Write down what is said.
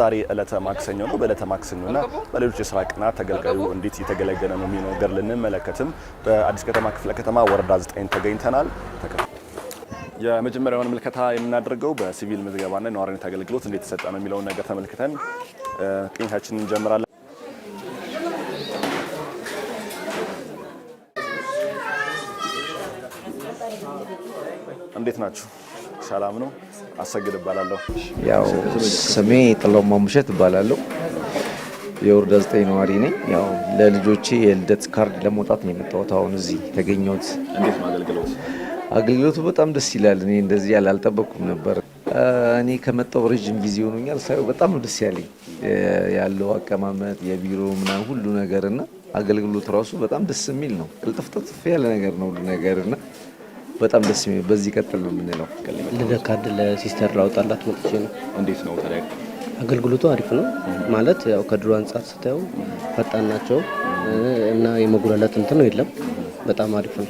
ዛሬ ዕለተ ማክሰኞ ነው። በዕለተ ማክሰኞና በሌሎች የስራ ቀናት ተገልጋዩ እንዴት እየተገለገለ ነው የሚለው ነገር ልንመለከትም በአዲስ ከተማ ክፍለ ከተማ ወረዳ 9 ተገኝተናል። የመጀመሪያውን ምልከታ የምናደርገው በሲቪል ና የነዋሪነት አገልግሎት እንዴት ተሰጠ ነው የሚለውን ነገር ተመልክተን ቅኝታችን እንጀምራለን። እንዴት ናችሁ? ሰላም ነው። አሰግድ እባላለሁ። ያው ስሜ ጥላው ማሙሸት እባላለሁ። የወረዳ ዘጠኝ ነዋሪ ነኝ። ያው ለልጆቼ የልደት ካርድ ለመውጣት ነው የመጣሁት አሁን እዚህ የተገኘሁት። እንዴት ነው አገልግሎት? አገልግሎቱ በጣም ደስ ይላል። እኔ እንደዚህ ያለ አልጠበቅኩም ነበር። እኔ ከመጣው ረዥም ጊዜ ሆኖኛል። ሳይው በጣም ደስ ያለኝ ያለው አቀማመጥ፣ የቢሮ ምናምን ሁሉ ነገር እና አገልግሎት ራሱ በጣም ደስ የሚል ነው። ቅልጥፍጥፍ ያለ ነገር ነው ሁሉ ነገር እና በጣም ደስ የሚል በዚህ ቀጥል ነው የምንለው። ልደት ካርድ ለሲስተር ላውጣላት መጥቼ ነው። እንዴት ነው ታዲያ አገልግሎቱ? አሪፍ ነው ማለት ያው ከድሮ አንጻር ስታየው ፈጣን ናቸው እና የመጉላላት እንትን ነው የለም። በጣም አሪፍ ነው።